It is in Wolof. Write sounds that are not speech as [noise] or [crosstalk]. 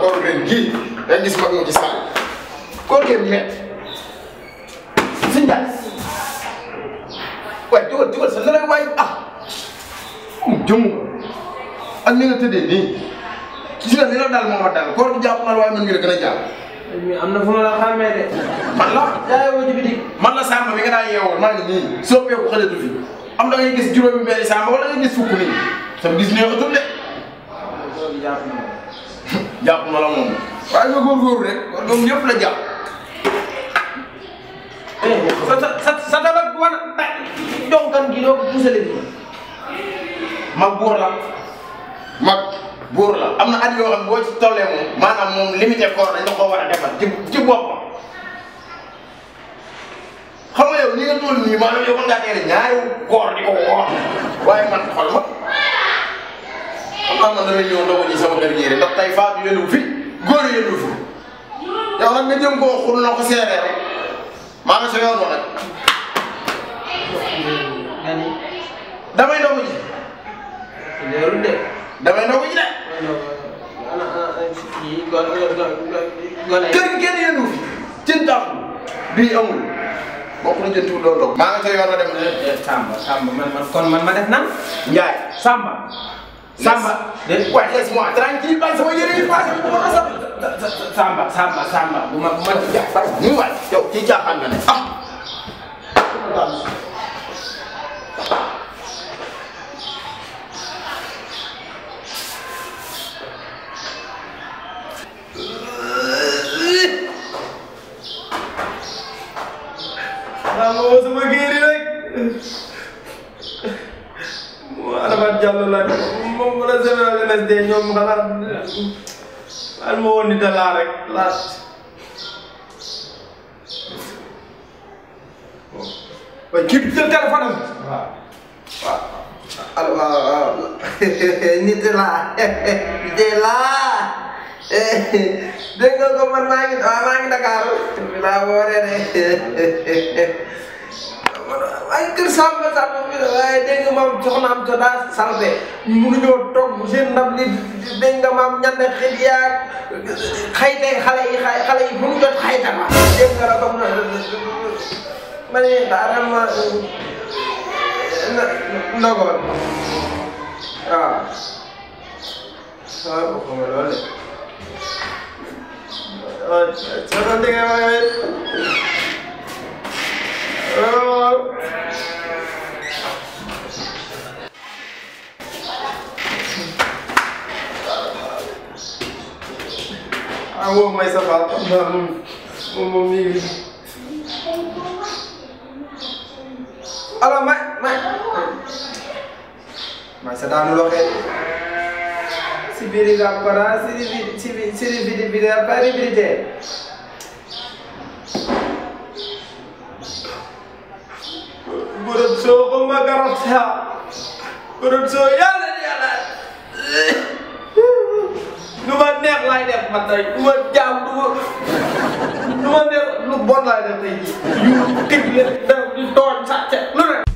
kooru ren gii dañ gis mag ah. mu ci saal koor kee métti suñ daal waaye dugal dugal sa leneen waaye ah jëmm ak ni nga tëddee nii gis nga li la daal moo ma daal koor gi jàpp na waaye man mi la gën a jàpp. am na fu ma la de. man la yaa ngi woo man la sàmm mi nga daan yeewoo maa ngi nii soppeeku xale du fi am da gis juróomi mbéy sàmm wala gis fukk nii sama jàpp na la moom waaye nga góorgóorlu rek war ñoom ñëpp la jàpp. Eh, sa sa sa sa dara war a eh, jonkan gi doo ko puusale bi mag buur la mag am na at yoo xam boo ci ma moom maanaam moom limité koor dañ la ko war a defal ci ci boppam xam nga yow ni nga toll nii maanaam yow mën ngaa teel ñaari koor di ko woor waaye man xol ma xam nga dana ñëw ndogu ji sama kër gi ndax tey faatu yenu fi góor yenu fi yow nag nga jëm koo xul na ko seeree rek maa ngi sa yoon nag damay damay ndogu ji de. kër gi kenn yenu fi cin tax bii amul bokk na jënd tuut loolu dog maa ngi sa yoon na dem. Eh, eh, Samba Samba man man ma def nan. Ndiaye Samba. Samba. Yes. kuat, dia semua. Tranquil pas semua jadi pas. Samba, samba, samba. Buma, buma, tiga. Ya, buat. Yo, tiga pandan. Ah. Kamu semua kiri lagi. Mau ada macam lagi. moom mën a général MSD ñoom xanaa man ma woon ni da laa rek laa waaw kii bi jël téléphone am waaw waaw waaw waaw [laughs] nit laa [laughs] nit laa [laughs] dégg nga ko man maa ngi maa ngi Dakar laa wooree ay Samba Samba bi waaye dégg nga maam jox naam ko daa salte mënuñoo toog seen ndam li dégg nga maam ñande xel yaag xayte xale yi xale yi bu ñu jot xayta ma dégg nga la comme na ma ne daanam ma nagoon waaw waaw bokkuma loolu de waaw non ah, oh, avevo mai saputo, non, non, non mi... Allora, ma... ma... Ma se danno lo che... Si vede da parà, si vede, si vede, si vede, vede da parà, si vede. Buruzzo, come carozza! Buruzzo, yalla, yalla! neex laay def man tey du ma jaam du ma du ma neex lu bon laay def tey jii yu tëj leen lu ne